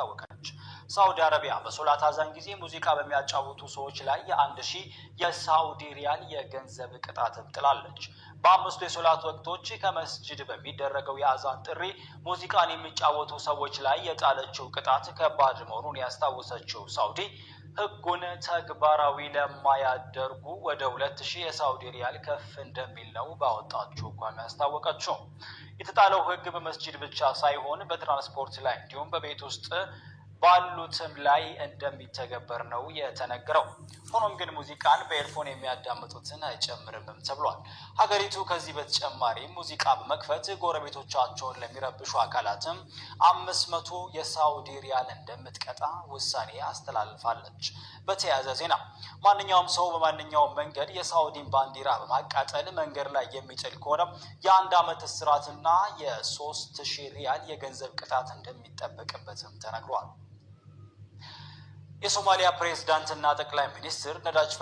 አስታወቀች። ሳውዲ አረቢያ በሶላት አዛን ጊዜ ሙዚቃ በሚያጫውቱ ሰዎች ላይ የአንድ ሺህ የሳውዲ ሪያል የገንዘብ ቅጣት ጥላለች። በአምስቱ የሶላት ወቅቶች ከመስጅድ በሚደረገው የአዛን ጥሪ ሙዚቃን የሚጫወቱ ሰዎች ላይ የጣለችው ቅጣት ከባድ መሆኑን ያስታወሰችው ሳውዲ ህጉን ተግባራዊ ለማያደርጉ ወደ ሁለት ሺህ የሳውዲ ሪያል ከፍ እንደሚል ነው ባወጣችው ቋሚ ያስታወቀችው። የተጣለው ህግ በመስጂድ ብቻ ሳይሆን በትራንስፖርት ላይ እንዲሁም በቤት ውስጥ ባሉትም ላይ እንደሚተገበር ነው የተነገረው። ሆኖም ግን ሙዚቃን በኤርፎን የሚያዳምጡትን አይጨምርምም ተብሏል። ሀገሪቱ ከዚህ በተጨማሪ ሙዚቃ በመክፈት ጎረቤቶቻቸውን ለሚረብሹ አካላትም አምስት መቶ የሳውዲ ሪያል እንደምትቀጣ ውሳኔ አስተላልፋለች። በተያያዘ ዜና ማንኛውም ሰው በማንኛውም መንገድ የሳውዲን ባንዲራ በማቃጠል መንገድ ላይ የሚጥል ከሆነ የአንድ ዓመት እስራትና የሶስት ሺህ ሪያል የገንዘብ ቅጣት እንደሚጠበቅበትም ተነግሯል። የሶማሊያ ፕሬዝዳንትና ጠቅላይ ሚኒስትር ነዳጅ